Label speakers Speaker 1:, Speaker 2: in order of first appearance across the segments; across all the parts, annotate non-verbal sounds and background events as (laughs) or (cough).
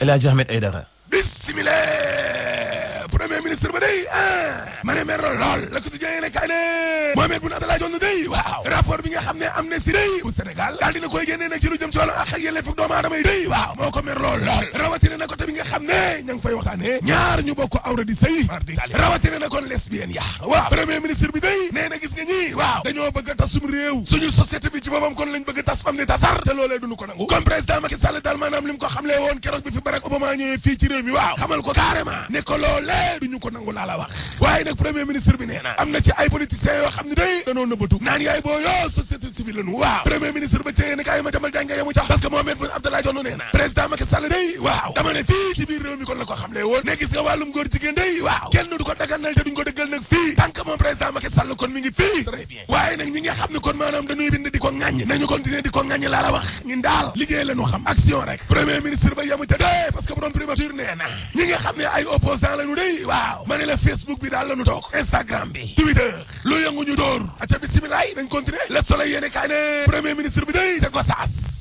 Speaker 1: El Hadj Ahmed Aidara bismillah premier ministre ba day ah ma ne mer na lool la ko ti joyee ne kay ne Mohamed Boun Abdallah Dionne day waaw rapport bi nga xam ne Amnesty day bu Sénégal daal dina koy génnee nag ci lu jëm ci wàllu ak yelleef ak doomu aadama yi day waaw moo ko mer lool lool rawatina na ko te bi nga xam ne ña ngi fay waxtaane ñaar ñu bokk awra di sëy rawatina na kon lesbienne ya waaw premier ministre bi day nee na gis nga ñi waaw dañoo bëgg a tasum réew suñu société bi ci boppam kon lañ bëgg a tas am ne tasar te loolee duñu ko nangu comme président Macky Sall daal maanaam li mu ko xamle woon keroog bi fi Barack Obama ñëwee fii ci réew mi waaw xamal ko carrément ne ko loolee waaye duñu ko nangu laa wax waaye nag premier ministre bi nee na am na ci ay politiciens yoo xam ne day danoo nëbbatu naan yaay boo yoo société civile lañu waaw premier ministre ba ca yéen kaay ma jamal jànga yamu ca parce que Mohamed laajoon nee na président Macky Sall day waaw dama ne fii ci biir réew mi kon la ko xamle woon ne gis nga wàllum góor jigéen day waaw kenn du ko daganal te duñ ko dëggal nag fii tant que moom président Macky Sall kon mi ngi fii waaye nag ñi nga xam ne kon maanaam dañuy bind di ko ŋàññ nañu continuer di ko ŋàññ laa la wax ñun daal liggéey la ñu xam action rek premier ministre ba yamu ca dee parce que borom primature nee na ñi nga bi daal la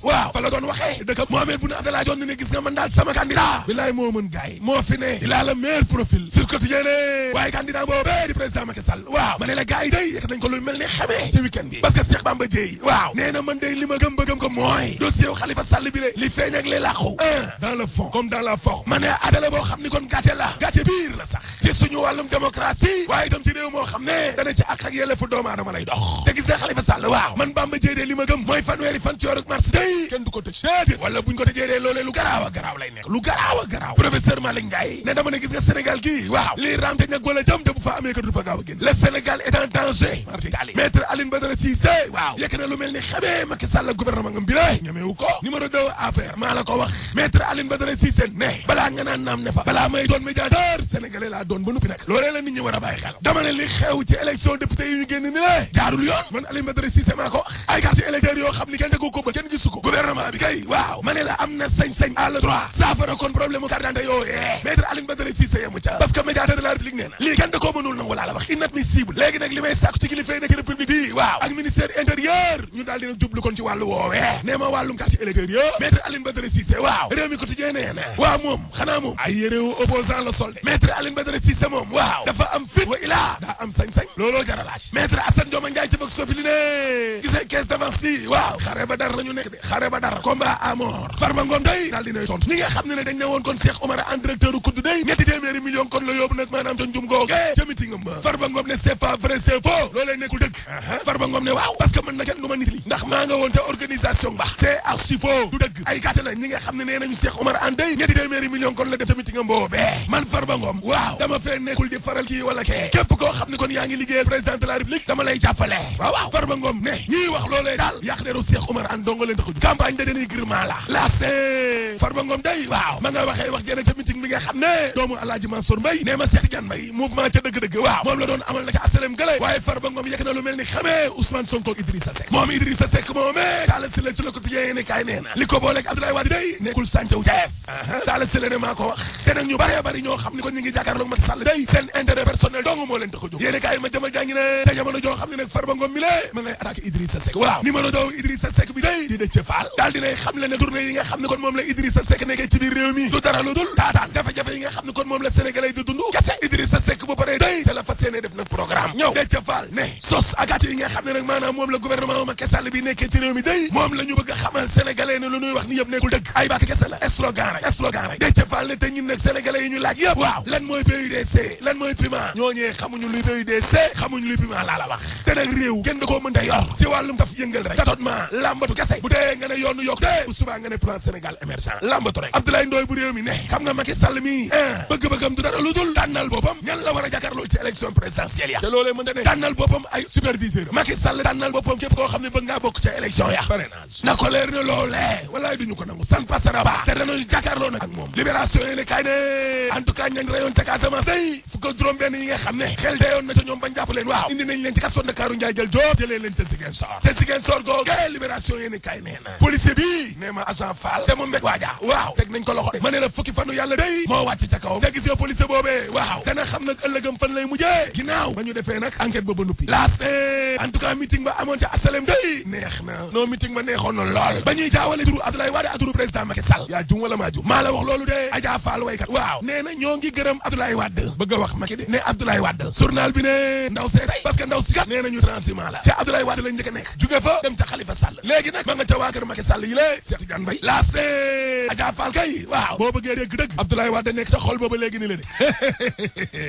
Speaker 1: waaw fa la doon waxee dëkk Mohamed Boun Abdallah Dionne ne gis nga man daal sama candidat bilaay moo mën gars yi moo fi ne il a le meilleur profil sur quotidien ne waaye candidat boobee di président Macky Sall waaw ma ne la gars yi day yekk nañ ko lu mel ni xamee ci week-end bi parce que Cheikh Bamba Dièye waaw nee na man day li ma gëm bëggam ko mooy dossier wu Khalifa Sall bi le li feeñ ak li làqu un dans le fond comme dans la forme ma ne adala boo xam ni kon gàcce la gàcce biir la sax ci suñu wàllum démocratie waaye itam ci moo xam ne dana ci ak ak yelleefu doomu aadama lay dox oh. te gis nga Khalifa Sall waaw man Bamba Dièye de li ma gëm mooy fanweeri fan ci weeru mars kenn du ko tëj déedéet wala buñ ko tëjee dee loolee lu garaaw a garaaw lay nekk lu garaaw a garaaw professeur Malick ne dama ne gis nga Sénégal gii waaw lii raam te ñag wala jëm te bu fa amee ka fa gaaw a génn le Sénégal est danger maître Aline Badara Cissé waaw yekk doon ba noppi nag la nit ñi war a bàyyi xel dama li xew ci élection député yi ñu génn ni la jaarul yoon man Aliou Badara Cissé maa ay carte électeurs yoo xam ni kenn tegu ko ba kenn gisu ko gouvernement bi kay waaw ma ne la ca parce que médiateur de la république nee na kenn da koo mënul nangu laa la wax inadmissible léegi nag li may sàkku ci kilifa yi nekk république bi waaw ak ministère intérieur ñu daal dina jublu kon ci wàllu woowee nee ma wàllum carte électeur yo maître Aliou Badara Cissé moom waaw dafa am fit wa ilaa daa am sañ-sañ looloo jaralaaj maître Assane Dioma Ndiaye populi ne caisse waaw xare ba dara nekk de xare ba dara combat à mort Ngom day dinay tont ñi nga ne dañ ne kon Cheikh Omar en directeur kudd day ñetti million kon la meeting eh, Ngom ne c'est pas vrai c'est faux uh-huh. Ngom ne waaw parce que nit li ndax nga organisation ba c'est archi faux du ay la ñi nga ne nañu Cheikh Omar en day ñetti million kon la def meeting man Ngom waaw dama di faral wala képp kon président de la République dama lay jàppale waaw waaw Farba Ngom ne ñii wax loolee daal yàq deru Cheikh Oumar Anne donga leen tax a campagne de dénigrement la laas Farba Ngom day waaw ma nga waxee wax jëne ca meeting bi nga ne doomu Alaaji Mansour Mbaye ne ma Cheikh Tidiane Mbaye mouvement ca dëgg-dëgg waaw moom la doon amal na ca asalem gële waaye Farba Ngom yegg lu mel ni xamee Ousmane Sonko Idrissa Seck moom Idrissa Seck moomee taala si la ci la ko tijee ne kaay nee na li ko booleeg Abdoulaye Wade day nekkul ne maa ko a lée ma ngay attaqué Idrissa Seck waaw numéro doow Idrissa Seck bi day di Déthié Fall daal dinay xam le ne tournée yi nga xam ne kon moom la Idrissa Seck nekkee ci biir réew mi du dara lu dul taataan jafe-jafe yi nga xam ne kon moom la sénégalais di dund kese Idrissa Seck bu paree day yéene def nag programme ñëw Déthié Fall ne sos ak gàcce yi nga xam ne nag maanaam moom la gouvernement Macky Sall bi nekkee ci réew mi day moom la ñu bëgg a xamal sénégalais ne lu ñuy wax ni yëpp nekkul dëgg ay bàkk kese la slogan rek slogan rek Déthié Fall ne te ñun nag sénégalais yi ñu laaj yëpp waaw lan mooy PUDC lan mooy piment ñooñee xamuñu luy PUDC xamuñu luy piment laa la wax te nag réew kenn da koo mën a yor ci wàllum taf yëngal rek tatotement lambatu kese bu dee nga ne yoonu yokk te bu subaa nga ne plan Sénégal émergent lambatu rek Abdoulaye Ndoye bu réew mi ne xam nga Macky Sall mi bëgg-bëggam du dara lu dul tànnal boppam ñan la war a jàkkaarloo ci élection présidentielle ya te loolee mën ta ne tànnal boppam ay superviseur ne bëgg bokk ca élection ya parrainage na ko leer ne loolee walaay san passera ba te danañu jàkkaarloo nag ak moom libération yi ne kaay ne en ca Casamance day fukk ak juróom yi nga xam ne xel dayoon na ca ñoom bañ jàpp waaw indi nañ leen ci kasoon Ndakaaru njaay jël jóob jëlee leen ca Ziguinchor te Ziguinchor googu libération yi ne na policier bi nee ma agent Fall te mu waaja waaw ginnaaw ba ñu defee nag enquête ba ba nuppi laas en tout cas ba amoon ca asalem day neex na non meeting ba neexoon na lool ba ñuy jaawale turu Abdoulaye Wade ak turu président Macky Sall yaa jum wala maa jum maa la wax loolu de Adja Fall waykat waaw nee ñoo ngi gërëm Abdoulaye Wade bëgg a wax Macky de ne Abdoulaye Wade journal bi ne ndaw see tey ndaw si kat nee na ñu transhumant la ca Abdoulaye Wade lañ njëkk a nekk fa dem ca Khalifa léegi nag ma nga ca waa kër Macky Sall yi lée Cheikh Tidiane Mbaye laas ne Adja Fall kay waaw boo bëggee dégg dëgg Abdoulaye da nekk ca xol booba léegi ni la de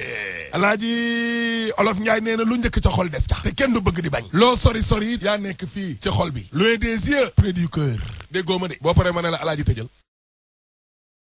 Speaker 1: (laughs) alaaji Olof Ndiaye nee na lu njëkk ca xol des tax te kenn du bëgg di bañ loo sori sori yaa nekk fii ci xol bi lu des yeux près du cœur ma de boo pare ma ne la alaaji tëjal